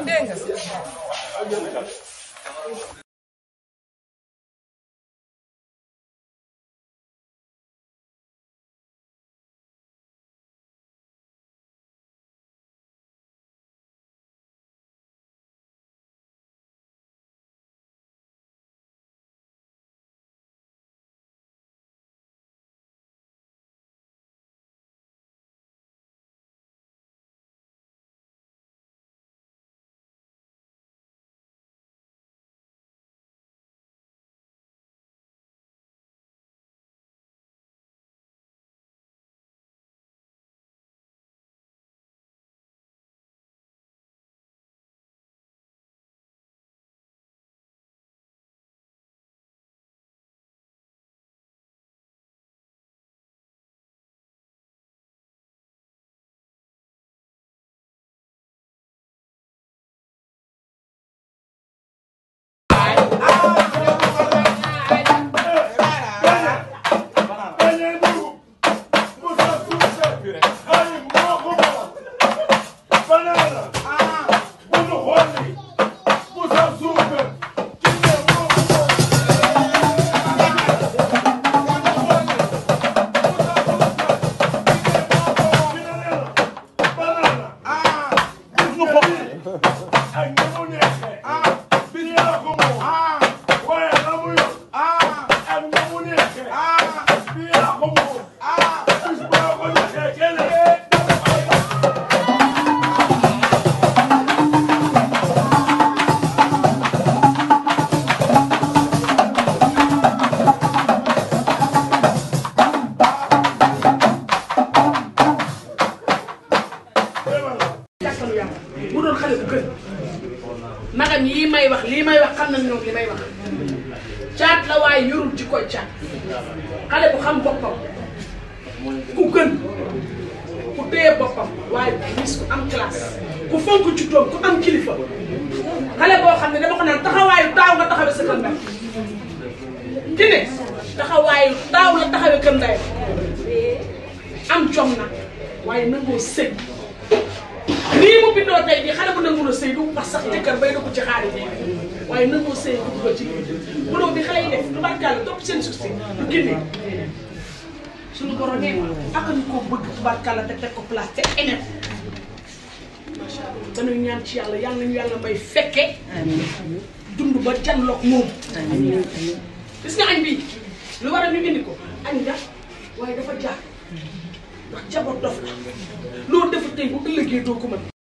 dégg nga 最後のね li may wax caat la waaye yorul ci koy caat xale bu xam boppam ku gën ku téye boppam waaye gis ku am classe ku fonk ci doom ku am kilifa xale boo xam ne dama ko naan taxawaayu taaw nga taxawee sa kër ndey ki ne taxawaayu taaw la taxawee kër ndey am jom waaye nangoo nii mu bindoo tey jii xale bu nangu la sëy du wax sax jëkkër bay da ko ci xaari waaye nan moo sëy ko dugal ci boulot bi xale yi def tubaarkàlla topp seen suuf si lu génne suñu borom nee ma ak ñu ko bëgg tubaarkàlla te teg ko place te eneen dañuy ñaan ci yàlla yàlla nañu yàlla may fekke dund ba janloog moom gis nga añ bii lu war a ñu indi ko añ da waaye dafa jaar ndax jaboot dof la loolu dafa tey bu ëllëgee doo ko mën